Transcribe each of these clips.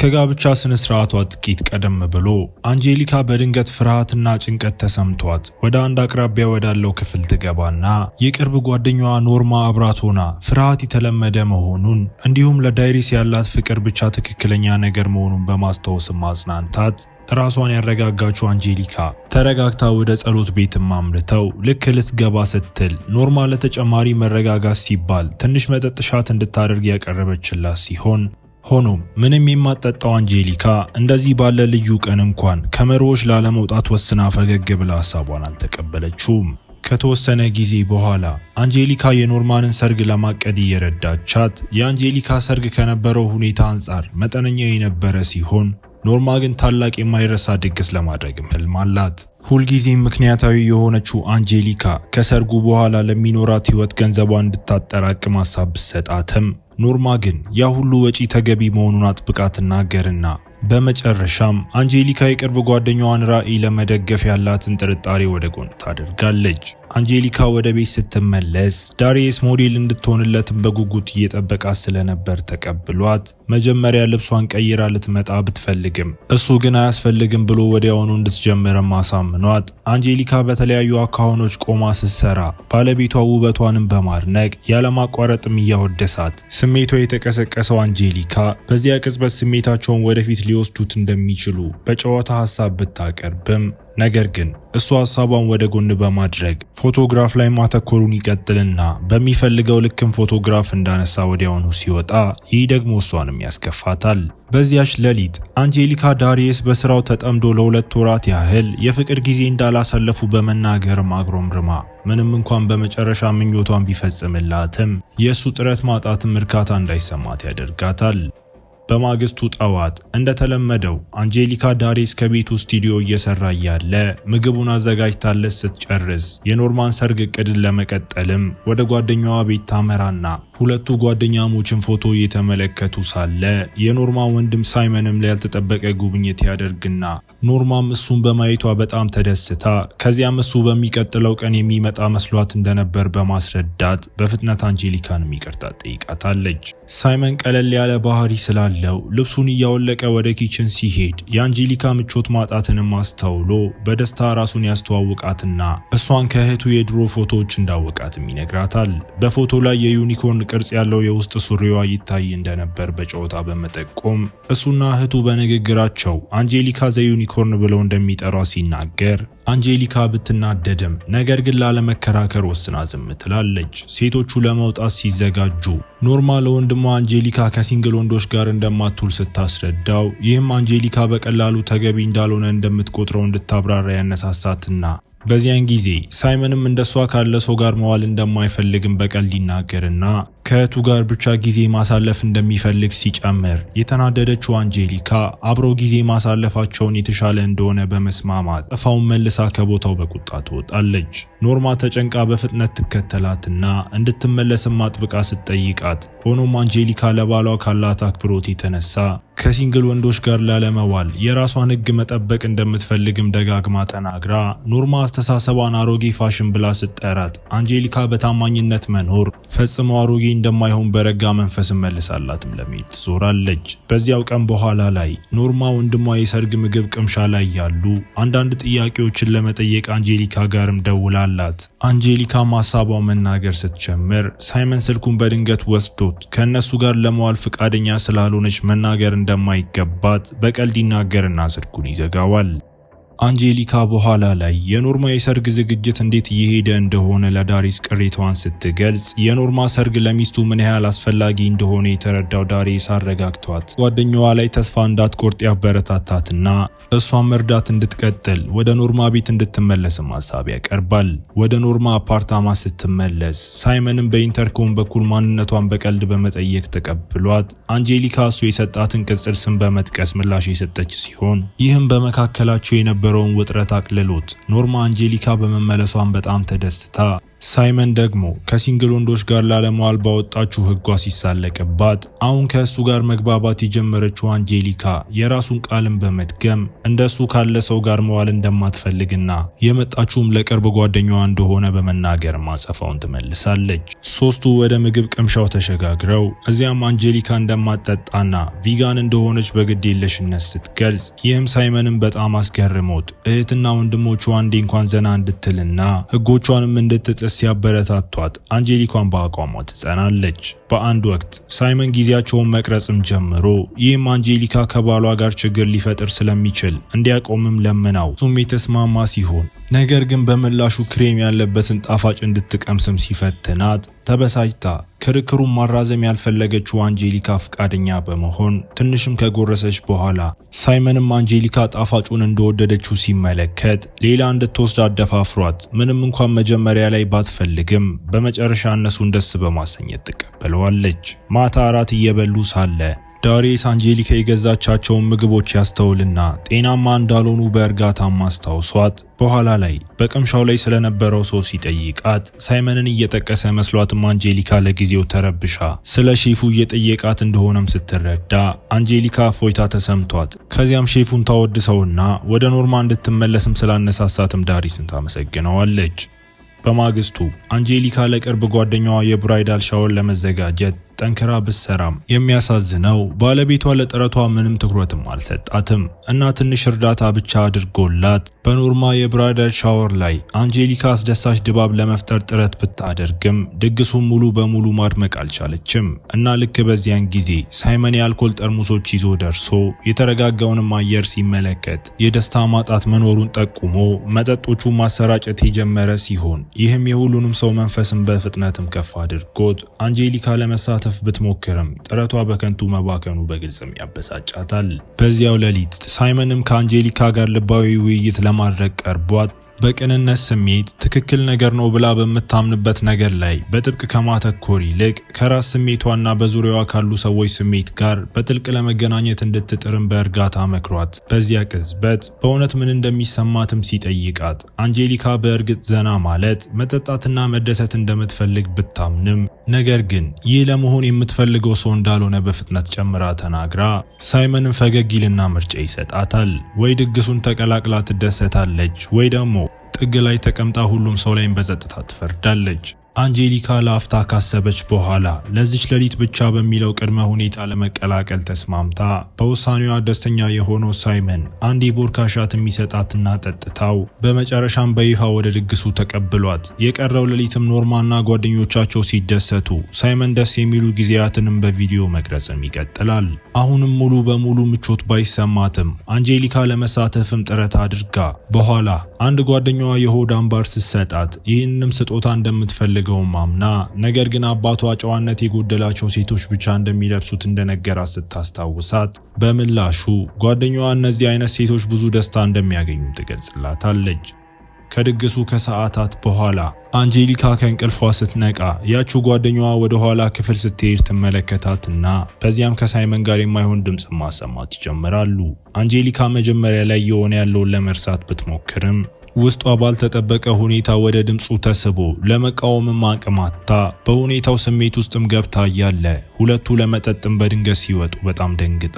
ከጋብቻ ስነ ስርዓቷ ጥቂት ቀደም ብሎ አንጄሊካ በድንገት ፍርሃትና ጭንቀት ተሰምቷት ወደ አንድ አቅራቢያ ወዳለው ክፍል ትገባና የቅርብ ጓደኛዋ ኖርማ አብራት ሆና ፍርሃት የተለመደ መሆኑን እንዲሁም ለዳይሪስ ያላት ፍቅር ብቻ ትክክለኛ ነገር መሆኑን በማስታወስም ማጽናንታት ራሷን ያረጋጋችው አንጄሊካ ተረጋግታ ወደ ጸሎት ቤትም አምርተው ልክ ልትገባ ስትል ኖርማ ለተጨማሪ መረጋጋት ሲባል ትንሽ መጠጥሻት እንድታደርግ ያቀረበችላት ሲሆን ሆኖም ምንም የማጠጣው አንጄሊካ እንደዚህ ባለ ልዩ ቀን እንኳን ከመሮዎች ላለመውጣት ወስና ፈገግ ብላ ሀሳቧን አልተቀበለችውም። ከተወሰነ ጊዜ በኋላ አንጄሊካ የኖርማንን ሰርግ ለማቀድ እየረዳቻት፣ የአንጄሊካ ሰርግ ከነበረው ሁኔታ አንጻር መጠነኛ የነበረ ሲሆን ኖርማ ግን ታላቅ የማይረሳ ድግስ ለማድረግም ህልም አላት። ሁልጊዜም ምክንያታዊ የሆነችው አንጄሊካ ከሰርጉ በኋላ ለሚኖራት ህይወት ገንዘቧን እንድታጠራቅም ሀሳብ ብሰጣትም። ኖርማ ግን ያ ሁሉ ወጪ ተገቢ መሆኑን አጥብቃ ትናገርና በመጨረሻም አንጄሊካ የቅርብ ጓደኛዋን ራዕይ ለመደገፍ ያላትን ጥርጣሬ ወደ ጎን ታደርጋለች። አንጄሊካ ወደ ቤት ስትመለስ ዳሪየስ ሞዴል እንድትሆንለትም በጉጉት እየጠበቃት ስለነበር ተቀብሏት መጀመሪያ ልብሷን ቀይራ ልትመጣ ብትፈልግም እሱ ግን አያስፈልግም ብሎ ወዲያውኑ እንድትጀምርም አሳምኗት። አንጄሊካ በተለያዩ አካሆኖች ቆማ ስትሰራ ባለቤቷ ውበቷንም በማድነቅ ያለማቋረጥም እያወደሳት፣ ስሜቷ የተቀሰቀሰው አንጄሊካ በዚያ ቅጽበት ስሜታቸውን ወደፊት ሊወስዱት እንደሚችሉ በጨዋታ ሀሳብ ብታቀርብም ነገር ግን እሱ ሀሳቧን ወደ ጎን በማድረግ ፎቶግራፍ ላይ ማተኮሩን ይቀጥልና በሚፈልገው ልክም ፎቶግራፍ እንዳነሳ ወዲያውኑ ሲወጣ፣ ይህ ደግሞ እሷንም ያስከፋታል። በዚያች ሌሊት አንጄሊካ ዳሪየስ በስራው ተጠምዶ ለሁለት ወራት ያህል የፍቅር ጊዜ እንዳላሳለፉ በመናገርም አግሮምርማ ምንም እንኳን በመጨረሻ ምኞቷን ቢፈጽምላትም የእሱ ጥረት ማጣትም እርካታ እንዳይሰማት ያደርጋታል። በማግስቱ ጠዋት እንደተለመደው አንጄሊካ ዳሬስ ከቤቱ ስቱዲዮ እየሰራ እያለ ምግቡን አዘጋጅታለት ስትጨርስ የኖርማን ሰርግ እቅድን ለመቀጠልም ወደ ጓደኛዋ ቤት ታመራና ሁለቱ ጓደኛሞችን ፎቶ እየተመለከቱ ሳለ የኖርማ ወንድም ሳይመንም ላይ ያልተጠበቀ ጉብኝት ያደርግና ኖርማም እሱን በማየቷ በጣም ተደስታ ከዚያም እሱ በሚቀጥለው ቀን የሚመጣ መስሏት እንደነበር በማስረዳት በፍጥነት አንጄሊካንም ይቅርታ ጠይቃታለች። ሳይመን ቀለል ያለ ባህሪ ስላለ ያለው ልብሱን እያወለቀ ወደ ኪችን ሲሄድ የአንጀሊካ ምቾት ማጣትንም አስተውሎ በደስታ ራሱን ያስተዋውቃትና እሷን ከእህቱ የድሮ ፎቶዎች እንዳወቃትም ይነግራታል። በፎቶ ላይ የዩኒኮርን ቅርጽ ያለው የውስጥ ሱሪዋ ይታይ እንደነበር በጨዋታ በመጠቆም እሱና እህቱ በንግግራቸው አንጀሊካ ዘ ዩኒኮርን ብለው እንደሚጠሯ ሲናገር አንጀሊካ ብትናደድም ነገር ግን ላለመከራከር ወስና ዝም ትላለች። ሴቶቹ ለመውጣት ሲዘጋጁ ኖርማ ለወንድሟ አንጄሊካ ከሲንግል ወንዶች ጋር እንደማትውል ስታስረዳው ይህም አንጄሊካ በቀላሉ ተገቢ እንዳልሆነ እንደምትቆጥረው እንድታብራራ ያነሳሳትና በዚያን ጊዜ ሳይመንም እንደሷ ካለ ሰው ጋር መዋል እንደማይፈልግም በቀል ሊናገርና ከቱ ጋር ብቻ ጊዜ ማሳለፍ እንደሚፈልግ ሲጨምር የተናደደችው አንጄሊካ አብረው ጊዜ ማሳለፋቸውን የተሻለ እንደሆነ በመስማማት ጥፋውን መልሳ ከቦታው በቁጣ ትወጣለች። ኖርማ ተጨንቃ በፍጥነት ትከተላትና እንድትመለስም አጥብቃ ስትጠይቃት፣ ሆኖም አንጄሊካ ለባሏ ካላት አክብሮት የተነሳ ከሲንግል ወንዶች ጋር ላለመዋል የራሷን ሕግ መጠበቅ እንደምትፈልግም ደጋግማ ተናግራ ኖርማ አስተሳሰቧን አሮጌ ፋሽን ብላ ስትጠራት አንጄሊካ በታማኝነት መኖር ፈጽሞ አሮጌ እንደማይሆን በረጋ መንፈስ መልሳላትም ለሚል ትዞራለች። በዚያው ቀን በኋላ ላይ ኖርማ ወንድሟ የሰርግ ምግብ ቅምሻ ላይ ያሉ አንዳንድ ጥያቄዎችን ለመጠየቅ አንጄሊካ ጋርም ደውላላት። አንጄሊካ ማሳቧ መናገር ስትጀምር ሳይመን ስልኩን በድንገት ወስዶት ከእነሱ ጋር ለመዋል ፈቃደኛ ስላልሆነች መናገር እንደማይገባት በቀልድ ይናገርና ስልኩን ይዘጋዋል። አንጄሊካ በኋላ ላይ የኖርማ የሰርግ ዝግጅት እንዴት እየሄደ እንደሆነ ለዳሪስ ቅሬታዋን ስትገልጽ የኖርማ ሰርግ ለሚስቱ ምን ያህል አስፈላጊ እንደሆነ የተረዳው ዳሪስ አረጋግቷት ጓደኛዋ ላይ ተስፋ እንዳትቆርጥ ያበረታታትና እሷም እርዳት እንድትቀጥል ወደ ኖርማ ቤት እንድትመለስም ሀሳብ ያቀርባል። ወደ ኖርማ አፓርታማ ስትመለስ ሳይመንም በኢንተርኮም በኩል ማንነቷን በቀልድ በመጠየቅ ተቀብሏት አንጄሊካ እሱ የሰጣትን ቅጽል ስም በመጥቀስ ምላሽ የሰጠች ሲሆን ይህም በመካከላቸው የነበ የነበረውን ውጥረት አቅልሎት ኖርማ አንጄሊካ በመመለሷን በጣም ተደስታ ሳይመን ደግሞ ከሲንግል ወንዶች ጋር ላለመዋል ባወጣችው ህጓ ሲሳለቅባት አሁን ከእሱ ጋር መግባባት የጀመረችው አንጄሊካ የራሱን ቃልን በመድገም እንደሱ ካለ ሰው ጋር መዋል እንደማትፈልግና የመጣችውም ለቅርብ ጓደኛዋ እንደሆነ በመናገር ማጸፋውን ትመልሳለች። ሶስቱ ወደ ምግብ ቅምሻው ተሸጋግረው እዚያም አንጄሊካ እንደማትጠጣና ቪጋን እንደሆነች በግድ የለሽነት ስትገልጽ፣ ይህም ሳይመንም በጣም አስገርሞት እህትና ወንድሞቿ አንዴ እንኳን ዘና እንድትልና ህጎቿንም እንድትጥ ሲያበረታቷት አንጄሊኳን በአቋሟ ትጸናለች። በአንድ ወቅት ሳይመን ጊዜያቸውን መቅረጽም ጀምሮ ይህም አንጄሊካ ከባሏ ጋር ችግር ሊፈጥር ስለሚችል እንዲያቆምም ለምናው እሱም የተስማማ ሲሆን ነገር ግን በምላሹ ክሬም ያለበትን ጣፋጭ እንድትቀምስም ሲፈትናት ተበሳጭታ ክርክሩን ማራዘም ያልፈለገችው አንጄሊካ ፈቃደኛ በመሆን ትንሽም ከጎረሰች በኋላ ሳይመንም አንጄሊካ ጣፋጩን እንደወደደችው ሲመለከት ሌላ እንድትወስድ አደፋፍሯት። ምንም እንኳን መጀመሪያ ላይ ባትፈልግም በመጨረሻ እነሱን ደስ በማሰኘት ትቀበለዋለች። ማታ አራት እየበሉ ሳለ ዳሬስ አንጀሊካ የገዛቻቸውን ምግቦች ያስተውልና ጤናማ እንዳልሆኑ በእርጋታም ማስታውሷት በኋላ ላይ በቅምሻው ላይ ስለነበረው ሰው ሲጠይቃት ሳይመንን እየጠቀሰ መስሏትም አንጄሊካ ለጊዜው ተረብሻ ስለ ሼፉ እየጠየቃት እንደሆነም ስትረዳ አንጄሊካ እፎይታ ተሰምቷት ከዚያም ሼፉን ታወድሰውና ወደ ኖርማ እንድትመለስም ስላነሳሳትም ዳሪስን ታመሰግነዋለች። በማግስቱ አንጄሊካ ለቅርብ ጓደኛዋ የብራይዳል ሻወር ለመዘጋጀት ጠንክራ ብትሰራም የሚያሳዝነው ባለቤቷ ለጥረቷ ምንም ትኩረትም አልሰጣትም እና ትንሽ እርዳታ ብቻ አድርጎላት በኖርማ የብራይደል ሻወር ላይ አንጄሊካ አስደሳች ድባብ ለመፍጠር ጥረት ብታደርግም ድግሱን ሙሉ በሙሉ ማድመቅ አልቻለችም እና ልክ በዚያን ጊዜ ሳይመን የአልኮል ጠርሙሶች ይዞ ደርሶ የተረጋጋውንም አየር ሲመለከት የደስታ ማጣት መኖሩን ጠቁሞ መጠጦቹ ማሰራጨት የጀመረ ሲሆን ይህም የሁሉንም ሰው መንፈስን በፍጥነትም ከፍ አድርጎት አንጄሊካ ለመሳተፍ ለመሳተፍ ብትሞክርም ጥረቷ በከንቱ መባከኑ በግልጽም ያበሳጫታል። በዚያው ሌሊት ሳይመንም ከአንጄሊካ ጋር ልባዊ ውይይት ለማድረግ ቀርቧት በቅንነት ስሜት ትክክል ነገር ነው ብላ በምታምንበት ነገር ላይ በጥብቅ ከማተኮር ይልቅ ከራስ ስሜቷና በዙሪያዋ ካሉ ሰዎች ስሜት ጋር በጥልቅ ለመገናኘት እንድትጥርም በእርጋታ መክሯት፣ በዚያ ቅጽበት በእውነት ምን እንደሚሰማትም ሲጠይቃት አንጄሊካ በእርግጥ ዘና ማለት መጠጣትና መደሰት እንደምትፈልግ ብታምንም ነገር ግን ይህ ለመሆን የምትፈልገው ሰው እንዳልሆነ በፍጥነት ጨምራ ተናግራ ሳይመንን ፈገግ ይልና ምርጫ ይሰጣታል። ወይ ድግሱን ተቀላቅላ ትደሰታለች፣ ወይ ደግሞ ጥግ ላይ ተቀምጣ ሁሉም ሰው ላይም በጸጥታ ትፈርዳለች። አንጄሊካ ለአፍታ ካሰበች በኋላ ለዚች ሌሊት ብቻ በሚለው ቅድመ ሁኔታ ለመቀላቀል ተስማምታ በውሳኔዋ ደስተኛ የሆነው ሳይመን አንድ የቮድካ ሻት የሚሰጣትና ጠጥታው በመጨረሻም በይፋ ወደ ድግሱ ተቀብሏት የቀረው ሌሊትም ኖርማና ጓደኞቻቸው ሲደሰቱ ሳይመን ደስ የሚሉ ጊዜያትንም በቪዲዮ መቅረጽም ይቀጥላል። አሁንም ሙሉ በሙሉ ምቾት ባይሰማትም አንጄሊካ ለመሳተፍም ጥረት አድርጋ በኋላ አንድ ጓደኛዋ የሆድ አምባር ስትሰጣት ይህንም ስጦታ እንደምትፈልግ የምትፈልገውን ማምና ነገር ግን አባቷ ጨዋነት የጎደላቸው ሴቶች ብቻ እንደሚለብሱት እንደነገራት ስታስታውሳት በምላሹ ጓደኛዋ እነዚህ አይነት ሴቶች ብዙ ደስታ እንደሚያገኙም ትገልጽላታለች። ከድግሱ ከሰዓታት በኋላ አንጄሊካ ከእንቅልፏ ስትነቃ ያችው ጓደኛዋ ወደ ኋላ ክፍል ስትሄድ ትመለከታትና በዚያም ከሳይመን ጋር የማይሆን ድምፅ ማሰማት ይጀምራሉ። አንጄሊካ መጀመሪያ ላይ የሆነ ያለውን ለመርሳት ብትሞክርም ውስጧ ባልተጠበቀ ሁኔታ ወደ ድምፁ ተስቦ ለመቃወምም አቅም አጥታ በሁኔታው ስሜት ውስጥም ገብታ እያለ ሁለቱ ለመጠጥም በድንገት ሲወጡ በጣም ደንግጣ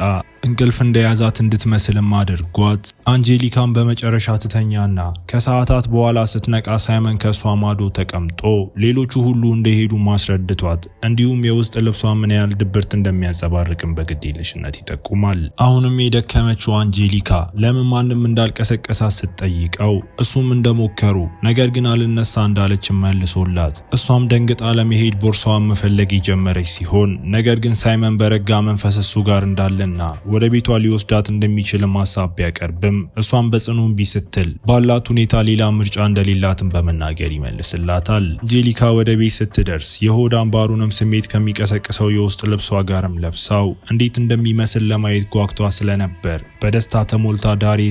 እንቅልፍ እንደያዛት እንድትመስልም አድርጓት። አንጄሊካን በመጨረሻ ትተኛና ከሰዓታት በኋላ ስትነቃ ሳይመን ከእሷ ማዶ ተቀምጦ ሌሎቹ ሁሉ እንደሄዱ ማስረድቷት እንዲሁም የውስጥ ልብሷ ምን ያህል ድብርት እንደሚያንጸባርቅም በግዴለሽነት ይጠቁማል። አሁንም የደከመችው አንጄሊካ ለምን ማንም እንዳልቀሰቀሳት ስትጠይቀው እሱም እንደሞከሩ ነገር ግን አልነሳ እንዳለች መልሶላት እሷም ደንግጣ ለመሄድ ቦርሳዋን መፈለግ የጀመረች ሲሆን ነገር ግን ሳይመን በረጋ መንፈስ እሱ ጋር እንዳለና ወደ ቤቷ ሊወስዳት እንደሚችልም ሀሳብ ቢያቀርብም እሷን በጽኑ እምቢ ስትል ባላት ሁኔታ ሌላ ምርጫ እንደሌላትም በመናገር ይመልስላታል። ጄሊካ ወደ ቤት ስትደርስ የሆድ አምባሩንም ስሜት ከሚቀሰቅሰው የውስጥ ልብሷ ጋርም ለብሳው እንዴት እንደሚመስል ለማየት ጓግቷ ስለነበር በደስታ ተሞልታ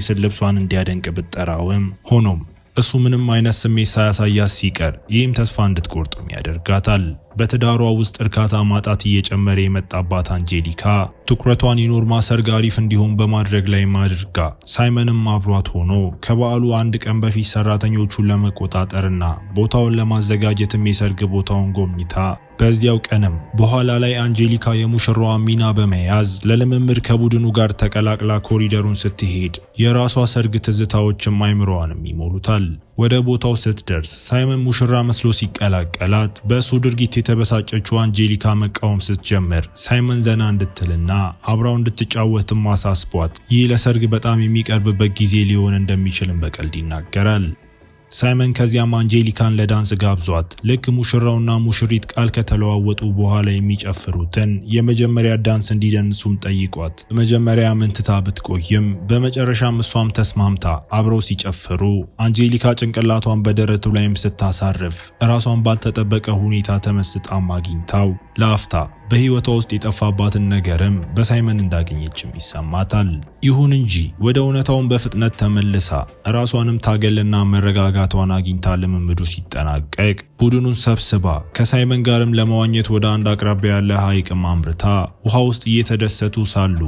ስል ልብሷን እንዲያደንቅ ብጠራውም ሆኖም እሱ ምንም አይነት ስሜት ሳያሳያት ሲቀር ይህም ተስፋ እንድትቆርጥም ያደርጋታል። በትዳሯ ውስጥ እርካታ ማጣት እየጨመረ የመጣባት አንጄሊካ ትኩረቷን የኖርማ ሰርግ አሪፍ እንዲሆን በማድረግ ላይ ማድርጋ ሳይመንም አብሯት ሆኖ ከበዓሉ አንድ ቀን በፊት ሰራተኞቹን ለመቆጣጠርና ቦታውን ለማዘጋጀትም የሰርግ ቦታውን ጎብኝታ በዚያው ቀንም በኋላ ላይ አንጄሊካ የሙሽራዋ ሚና በመያዝ ለልምምድ ከቡድኑ ጋር ተቀላቅላ ኮሪደሩን ስትሄድ የራሷ ሰርግ ትዝታዎችም አይምሮዋንም ይሞሉታል። ወደ ቦታው ስትደርስ ሳይመን ሙሽራ መስሎ ሲቀላቀላት በእሱ ድርጊት የተበሳጨችው አንጄሊካ መቃወም ስትጀምር ሳይመን ዘና እንድትልና አብራው እንድትጫወትም አሳስቧት ይህ ለሰርግ በጣም የሚቀርብበት ጊዜ ሊሆን እንደሚችልም በቀልድ ይናገራል። ሳይመን ከዚያም አንጄሊካን ለዳንስ ጋብዟት ልክ ሙሽራውና ሙሽሪት ቃል ከተለዋወጡ በኋላ የሚጨፍሩትን የመጀመሪያ ዳንስ እንዲደንሱም ጠይቋት። በመጀመሪያ ምንትታ ብትቆይም በመጨረሻም እሷም ተስማምታ አብረው ሲጨፍሩ አንጄሊካ ጭንቅላቷን በደረቱ ላይም ስታሳርፍ እራሷን ባልተጠበቀ ሁኔታ ተመስጣም አግኝታው ለአፍታ በህይወቷ ውስጥ የጠፋባትን ነገርም በሳይመን እንዳገኘችም ይሰማታል። ይሁን እንጂ ወደ እውነታውን በፍጥነት ተመልሳ እራሷንም ታገልና መረጋጋ መረጋጋቷን አግኝታ ልምምዱ ሲጠናቀቅ ቡድኑን ሰብስባ ከሳይመን ጋርም ለመዋኘት ወደ አንድ አቅራቢያ ያለ ሐይቅም አምርታ ውሃ ውስጥ እየተደሰቱ ሳሉ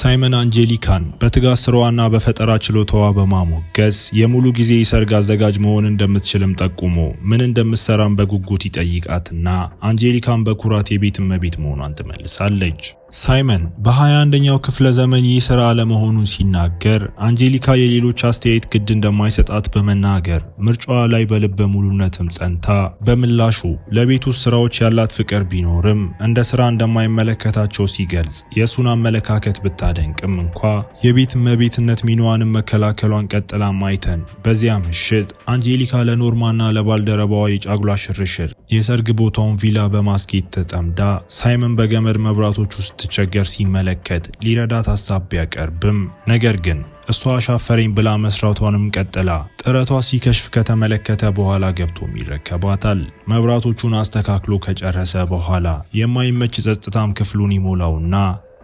ሳይመን አንጄሊካን በትጋት ስራዋና በፈጠራ ችሎታዋ በማሞገስ የሙሉ ጊዜ የሰርግ አዘጋጅ መሆን እንደምትችልም ጠቁሞ ምን እንደምትሰራም በጉጉት ይጠይቃትና አንጄሊካን በኩራት የቤት እመቤት መሆኗን ትመልሳለች። ሳይመን በ21ኛው ክፍለ ዘመን ይህ ስራ አለመሆኑን ሲናገር አንጄሊካ የሌሎች አስተያየት ግድ እንደማይሰጣት በመናገር ምርጫዋ ላይ በልበ ሙሉነትም ጸንታ፣ በምላሹ ለቤት ውስጥ ስራዎች ያላት ፍቅር ቢኖርም እንደ ስራ እንደማይመለከታቸው ሲገልጽ የእሱን አመለካከት ብታደንቅም እንኳ የቤት እመቤትነት ሚናዋንም መከላከሏን ቀጥላ ማይተን በዚያ ምሽት አንጄሊካ ለኖርማና ለባልደረባዋ የጫጉላ ሽርሽር የሰርግ ቦታውን ቪላ በማስጌጥ ተጠምዳ ሳይመን በገመድ መብራቶች ውስጥ ስትቸገር ሲመለከት ሊረዳት ሀሳብ ቢያቀርብም ነገር ግን እሷ አሻፈረኝ ብላ መስራቷንም ቀጥላ ጥረቷ ሲከሽፍ ከተመለከተ በኋላ ገብቶም ይረከባታል። መብራቶቹን አስተካክሎ ከጨረሰ በኋላ የማይመች ጸጥታም ክፍሉን ይሞላውና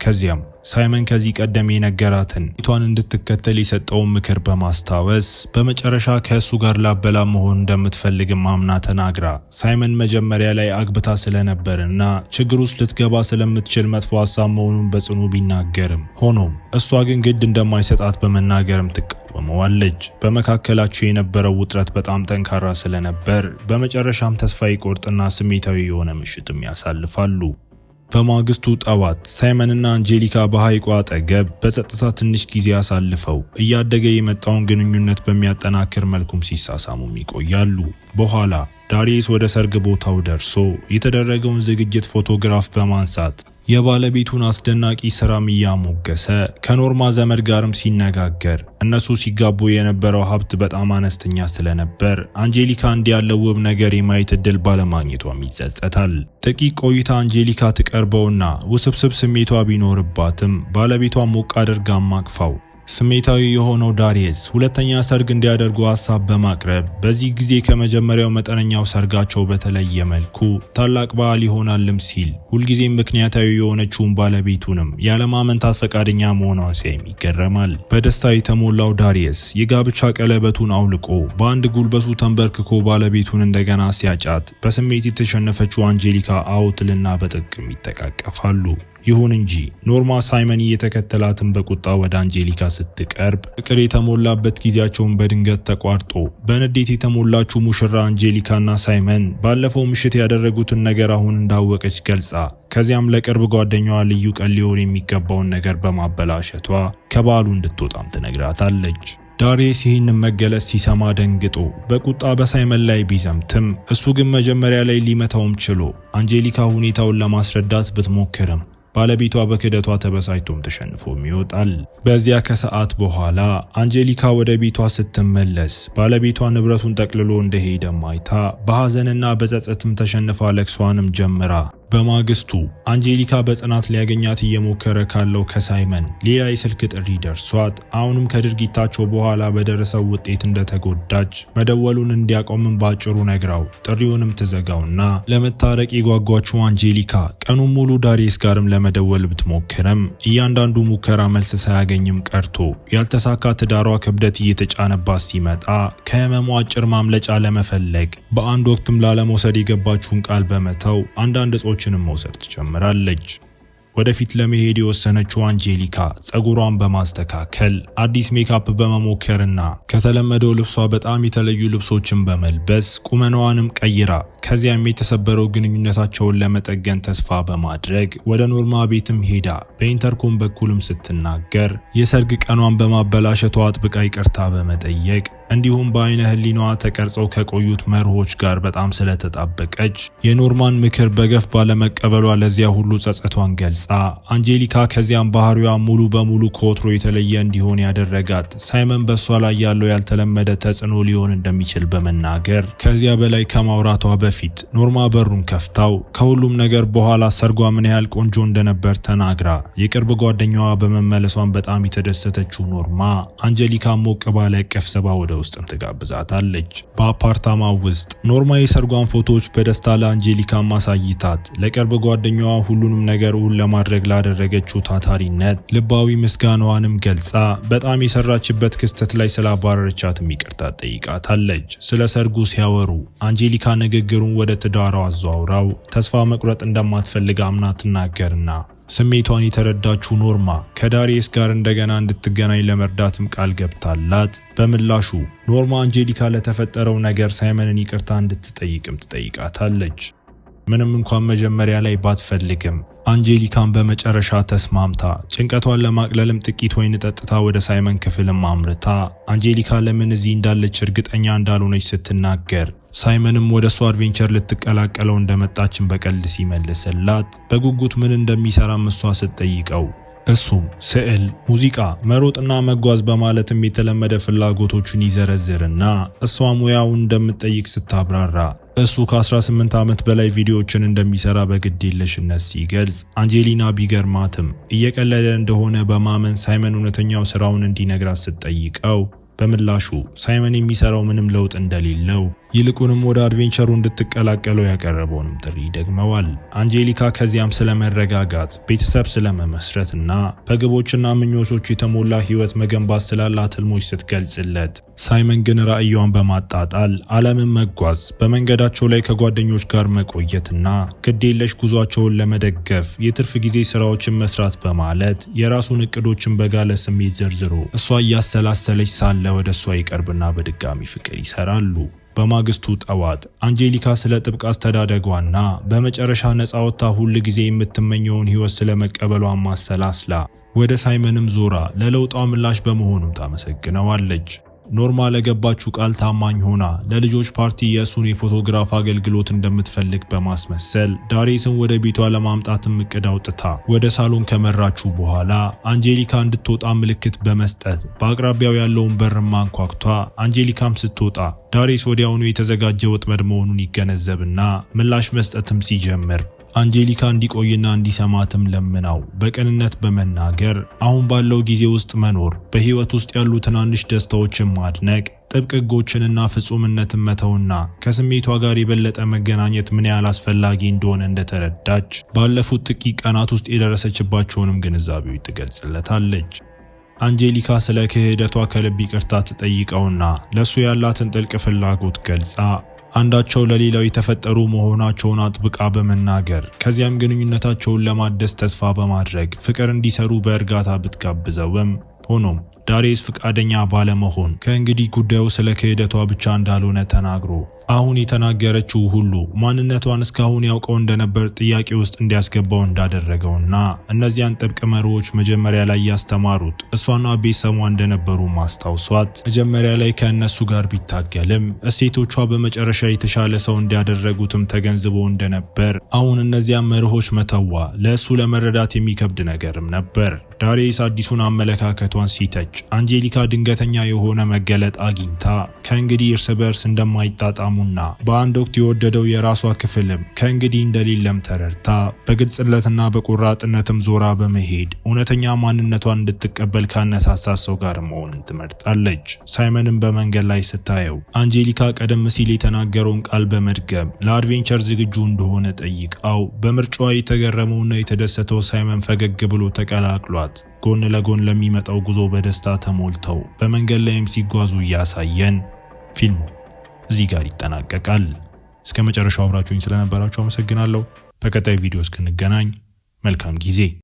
ከዚያም ሳይመን ከዚህ ቀደም የነገራትን ቷን እንድትከተል የሰጠውን ምክር በማስታወስ በመጨረሻ ከእሱ ጋር ላበላ መሆን እንደምትፈልግም አምና ተናግራ ሳይመን መጀመሪያ ላይ አግብታ ስለነበርና ችግር ውስጥ ልትገባ ስለምትችል መጥፎ ሀሳብ መሆኑን በጽኑ ቢናገርም ሆኖም እሷ ግን ግድ እንደማይሰጣት በመናገርም ትቃወመዋለች። በመካከላቸው የነበረው ውጥረት በጣም ጠንካራ ስለነበር በመጨረሻም ተስፋ ይቆርጥና ስሜታዊ የሆነ ምሽትም ያሳልፋሉ። በማግስቱ ጠዋት ሳይመንና አንጄሊካ በሐይቁ አጠገብ በጸጥታ ትንሽ ጊዜ አሳልፈው እያደገ የመጣውን ግንኙነት በሚያጠናክር መልኩም ሲሳሳሙም ይቆያሉ። በኋላ ዳሪስ ወደ ሰርግ ቦታው ደርሶ የተደረገውን ዝግጅት ፎቶግራፍ በማንሳት የባለቤቱን አስደናቂ ስራም እያሞገሰ ከኖርማ ዘመድ ጋርም ሲነጋገር እነሱ ሲጋቡ የነበረው ሀብት በጣም አነስተኛ ስለነበር አንጄሊካ እንዲህ ያለው ውብ ነገር የማየት እድል ባለማግኘቷም ይጸጸታል። ጥቂት ቆይታ አንጄሊካ ትቀርበውና ውስብስብ ስሜቷ ቢኖርባትም ባለቤቷን ሞቅ አድርጋ አቅፋው። ስሜታዊ የሆነው ዳሪየስ ሁለተኛ ሰርግ እንዲያደርጉ ሀሳብ በማቅረብ በዚህ ጊዜ ከመጀመሪያው መጠነኛው ሰርጋቸው በተለየ መልኩ ታላቅ በዓል ይሆናልም ሲል ሁልጊዜም ምክንያታዊ የሆነችውን ባለቤቱንም ያለማመንታት ፈቃደኛ መሆኗን ሲያይም ይገረማል። በደስታ የተሞላው ዳሪየስ የጋብቻ ቀለበቱን አውልቆ በአንድ ጉልበቱ ተንበርክኮ ባለቤቱን እንደገና ሲያጫት በስሜት የተሸነፈችው አንጄሊካ አውትልና በጥቅም ይጠቃቀፋሉ። ይሁን እንጂ ኖርማ ሳይመን እየተከተላትን በቁጣ ወደ አንጄሊካ ስትቀርብ ፍቅር የተሞላበት ጊዜያቸውን በድንገት ተቋርጦ በንዴት የተሞላችው ሙሽራ አንጀሊካና ሳይመን ባለፈው ምሽት ያደረጉትን ነገር አሁን እንዳወቀች ገልጻ ከዚያም ለቅርብ ጓደኛዋ ልዩ ቀን ሊሆን የሚገባውን ነገር በማበላሸቷ ከባሉ እንድትወጣም ትነግራታለች። ዳሬስ ይህንን መገለጽ ሲሰማ ደንግጦ በቁጣ በሳይመን ላይ ቢዘምትም እሱ ግን መጀመሪያ ላይ ሊመታውም ችሎ አንጄሊካ ሁኔታውን ለማስረዳት ብትሞክርም ባለቤቷ በክደቷ ተበሳጭቶም ተሸንፎም ይወጣል። በዚያ ከሰዓት በኋላ አንጀሊካ ወደ ቤቷ ስትመለስ ባለቤቷ ንብረቱን ጠቅልሎ እንደሄደ ማይታ በሐዘንና በጸጸትም ተሸንፋ ለቅሷንም ጀምራ በማግስቱ አንጄሊካ በጽናት ሊያገኛት እየሞከረ ካለው ከሳይመን ሌላ የስልክ ጥሪ ደርሷት አሁንም ከድርጊታቸው በኋላ በደረሰው ውጤት እንደተጎዳች መደወሉን እንዲያቆምም ባጭሩ ነግራው ጥሪውንም ትዘጋውና ለመታረቅ የጓጓችው አንጄሊካ ቀኑን ሙሉ ዳሬስ ጋርም ለመደወል ብትሞክርም እያንዳንዱ ሙከራ መልስ ሳያገኝም ቀርቶ ያልተሳካ ትዳሯ ክብደት እየተጫነባት ሲመጣ ከህመሙ አጭር ማምለጫ ለመፈለግ በአንድ ወቅትም ላለመውሰድ የገባችውን ቃል በመተው አንዳንድ እጾች ሴቶችንም መውሰድ ትጀምራለች። ወደፊት ለመሄድ የወሰነችው አንጄሊካ ጸጉሯን በማስተካከል አዲስ ሜካፕ በመሞከርና ከተለመደው ልብሷ በጣም የተለዩ ልብሶችን በመልበስ ቁመናዋንም ቀይራ ከዚያም የተሰበረው ግንኙነታቸውን ለመጠገን ተስፋ በማድረግ ወደ ኖርማ ቤትም ሄዳ በኢንተርኮም በኩልም ስትናገር የሰርግ ቀኗን በማበላሸቷ አጥብቃ ይቅርታ በመጠየቅ እንዲሁም በአይነ ህሊናዋ ተቀርጸው ከቆዩት መርሆች ጋር በጣም ስለተጣበቀች የኖርማን ምክር በገፍ ባለመቀበሏ ለዚያ ሁሉ ጸጸቷን ገልጻ፣ አንጄሊካ ከዚያም ባህሪዋ ሙሉ በሙሉ ከወትሮ የተለየ እንዲሆን ያደረጋት ሳይመን በእሷ ላይ ያለው ያልተለመደ ተጽዕኖ ሊሆን እንደሚችል በመናገር ከዚያ በላይ ከማውራቷ በፊት ኖርማ በሩን ከፍታው ከሁሉም ነገር በኋላ ሰርጓ ምን ያህል ቆንጆ እንደነበር ተናግራ የቅርብ ጓደኛዋ በመመለሷን በጣም የተደሰተችው ኖርማ አንጀሊካ ሞቅ ባለ ቅፍ ሰባ ወደ ውስጥም ትጋብዛታለች። በአፓርታማ ውስጥ ኖርማ የሰርጓን ፎቶዎች በደስታ ለአንጄሊካ ማሳይታት ለቅርብ ጓደኛዋ ሁሉንም ነገር እውን ለማድረግ ላደረገችው ታታሪነት ልባዊ ምስጋናዋንም ገልጻ በጣም የሰራችበት ክስተት ላይ ስላባረረቻትም ይቅርታ ጠይቃታለች። ስለ ሰርጉ ሲያወሩ አንጄሊካ ንግግሩን ወደ ትዳሯ አዘዋውራው ተስፋ መቁረጥ እንደማትፈልግ አምና ትናገርና ስሜቷን የተረዳችው ኖርማ ከዳሪየስ ጋር እንደገና እንድትገናኝ ለመርዳትም ቃል ገብታላት፣ በምላሹ ኖርማ አንጄሊካ ለተፈጠረው ነገር ሳይመንን ይቅርታ እንድትጠይቅም ትጠይቃታለች። ምንም እንኳን መጀመሪያ ላይ ባትፈልግም አንጄሊካን በመጨረሻ ተስማምታ ጭንቀቷን ለማቅለልም ጥቂት ወይን ጠጥታ ወደ ሳይመን ክፍልም አምርታ አንጄሊካ ለምን እዚህ እንዳለች እርግጠኛ እንዳልሆነች ስትናገር ሳይመንም ወደ እሷ አድቬንቸር ልትቀላቀለው እንደመጣችን በቀልድ ሲመልስላት በጉጉት ምን እንደሚሰራም እሷ ስትጠይቀው እሱም ስዕል፣ ሙዚቃ፣ መሮጥና መጓዝ በማለትም የተለመደ ፍላጎቶቹን ይዘረዝርና እሷ ሙያው እንደምትጠይቅ ስታብራራ እሱ ከ18 ዓመት በላይ ቪዲዮዎችን እንደሚሰራ በግድ የለሽነት ሲገልጽ አንጀሊና ቢገርማትም እየቀለለ እንደሆነ በማመን ሳይመን እውነተኛው ስራውን እንዲነግራት ስትጠይቀው በምላሹ ሳይመን የሚሰራው ምንም ለውጥ እንደሌለው ይልቁንም ወደ አድቬንቸሩ እንድትቀላቀለው ያቀረበውንም ጥሪ ደግመዋል። አንጄሊካ ከዚያም ስለ መረጋጋት፣ ቤተሰብ ስለመመስረት እና በግቦችና ምኞቶች የተሞላ ሕይወት መገንባት ስላላት ህልሞች ስትገልጽለት፣ ሳይመን ግን ራዕያዋን በማጣጣል ዓለምን መጓዝ፣ በመንገዳቸው ላይ ከጓደኞች ጋር መቆየትና ግዴለሽ ጉዟቸውን ለመደገፍ የትርፍ ጊዜ ስራዎችን መስራት በማለት የራሱን እቅዶችን በጋለ ስሜት ዘርዝሮ እሷ እያሰላሰለች ሳለ እንዳለ ወደ እሷ ይቀርብና በድጋሚ ፍቅር ይሰራሉ። በማግስቱ ጠዋት አንጄሊካ ስለ ጥብቅ አስተዳደጓና በመጨረሻ ነፃ ወጥታ ሁል ጊዜ የምትመኘውን ህይወት ስለ ማሰላስላ ወደ ሳይመንም ዞራ ለለውጧ ምላሽ በመሆኑም ታመሰግነዋለች። ኖርማ ለገባችው ቃል ታማኝ ሆና ለልጆች ፓርቲ የእሱን የፎቶግራፍ አገልግሎት እንደምትፈልግ በማስመሰል ዳሬስን ወደ ቤቷ ለማምጣትም እቅድ አውጥታ ወደ ሳሎን ከመራችሁ በኋላ አንጄሊካ እንድትወጣ ምልክት በመስጠት በአቅራቢያው ያለውን በር ማንኳኩቷ፣ አንጄሊካም ስትወጣ ዳሬስ ወዲያውኑ የተዘጋጀ ወጥመድ መሆኑን ይገነዘብና ምላሽ መስጠትም ሲጀምር አንጄሊካ እንዲቆይና እንዲሰማትም ለምናው በቅንነት በመናገር አሁን ባለው ጊዜ ውስጥ መኖር፣ በህይወት ውስጥ ያሉ ትናንሽ ደስታዎችን ማድነቅ፣ ጥብቅ ህጎችንና ፍጹምነትን መተውና ከስሜቷ ጋር የበለጠ መገናኘት ምን ያህል አስፈላጊ እንደሆነ እንደተረዳች ባለፉት ጥቂት ቀናት ውስጥ የደረሰችባቸውንም ግንዛቤዎች ትገልጽለታለች። አንጄሊካ ስለ ክህደቷ ከልብ ይቅርታ ትጠይቀውና ለእሱ ያላትን ጥልቅ ፍላጎት ገልጻ አንዳቸው ለሌላው የተፈጠሩ መሆናቸውን አጥብቃ በመናገር ከዚያም ግንኙነታቸውን ለማደስ ተስፋ በማድረግ ፍቅር እንዲሰሩ በእርጋታ ብትጋብዘውም ሆኖም ዳሬስ ፍቃደኛ ባለመሆን ከእንግዲህ ጉዳዩ ስለ ክህደቷ ብቻ እንዳልሆነ ተናግሮ አሁን የተናገረችው ሁሉ ማንነቷን እስካሁን ያውቀው እንደነበር ጥያቄ ውስጥ እንዲያስገባው እንዳደረገውና እነዚያን ጥብቅ መሪዎች መጀመሪያ ላይ ያስተማሩት እሷና ቤተሰቧ እንደነበሩ ማስታውሷት መጀመሪያ ላይ ከእነሱ ጋር ቢታገልም እሴቶቿ በመጨረሻ የተሻለ ሰው እንዲያደረጉትም ተገንዝቦ እንደነበር አሁን እነዚያን መርሆች መተዋ ለእሱ ለመረዳት የሚከብድ ነገርም ነበር። ዳሬስ አዲሱን አመለካከቷን ሲተች ሰዎች አንጄሊካ ድንገተኛ የሆነ መገለጥ አግኝታ ከእንግዲህ እርስ በርስ እንደማይጣጣሙና በአንድ ወቅት የወደደው የራሷ ክፍልም ከእንግዲህ እንደሌለም ተረድታ በግልጽነትና በቆራጥነትም ዞራ በመሄድ እውነተኛ ማንነቷን እንድትቀበል ካነሳሳት ሰው ጋር መሆን ትመርጣለች። ሳይመንም በመንገድ ላይ ስታየው አንጄሊካ ቀደም ሲል የተናገረውን ቃል በመድገም ለአድቬንቸር ዝግጁ እንደሆነ ጠይቃው በምርጫዋ የተገረመውና የተደሰተው ሳይመን ፈገግ ብሎ ተቀላቅሏት ጎን ለጎን ለሚመጣው ጉዞ በደስታ ተሞልተው በመንገድ ላይም ሲጓዙ እያሳየን ፊልሙ እዚህ ጋር ይጠናቀቃል። እስከ መጨረሻው አብራችሁኝ ስለነበራችሁ አመሰግናለሁ። በቀጣይ ቪዲዮ እስክንገናኝ መልካም ጊዜ